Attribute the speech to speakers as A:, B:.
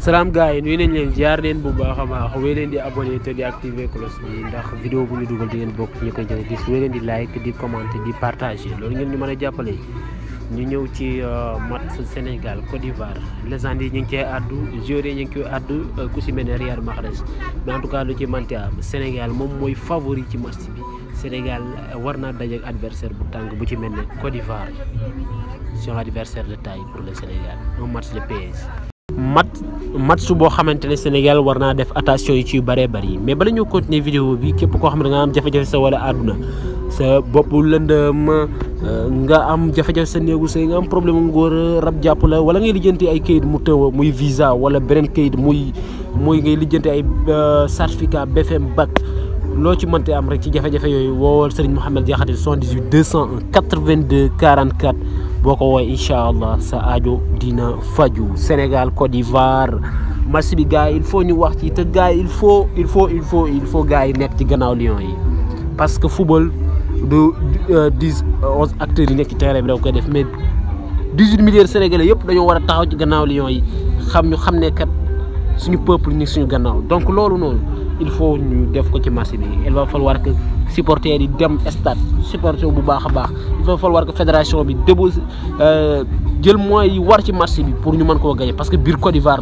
A: salaam gars yi nuyu nañ leen ziar leen bu baax a baax wéy leen di abonné te di activer cloche bi ndax vidéo bu ñu dugal di ngeen bokk ñu koy jëkk gis wéy leen di like di commenter di partager loolu ngeen ñu mën a jàppale ñu ñëw ci euh, match Sénégal Côte d'Ivoire légende yi ñu ngi cee àddu joueurs yi ñu ngi koy àddu euh, ku si mel ne Riyad Mahrez mais en tout cas lu ci manti am Sénégal moom mooy favori ci match bi Sénégal euh, war naa daje ak adversaire bu tàng bu ci mel ne Côte d'Ivoire c'est un adversaire de taille pour le Sénégal un match de mat match boo xamante ne Sénégal war naa def attention yi ci bëree bëri mais bala ñu continuer vidéo bi képp koo xam nga am jafe-jafe sa wala àdduna sa bopp lëndëm euh, nga am jafe-jafe sa néegu say nga am problème mu rab jàpp la wala ngay lijjanti ay kayit mu tëw muy visa wala beneen kayit muy muy ngay lijjanti ay euh, certificat BFM BAC loo ci mënte am rek ci jafe-jafe yooyu woowal Serigne Mouhamed Diakhaté 78 201 82 44. boko way inshallah incha sa aajo dina faju Sénégal Côte d'Ivoire match bi gars il faut ñu wax ci te gars il faut il faut il faut il faut gars yi nekk ci gannaaw lion yi parce que football du 10 11 euh, euh, acteurs yi nekk ci terrain bi da koy def mais 18 huit millions sénégalais yépp dañu wara taxaw ci gannaaw lion yi xam ñu xam ne kat suñu peuple ñu suñu gannaaw donc lolu noonu il faut ñu def ko ci marché bi il va falloir que supporters yi dem stade supporter bu baax baax il va falloir que fédération bi euh jël moy war ci marché bi pour ñu mën ko gagner parce que bir Côte d'Ivoire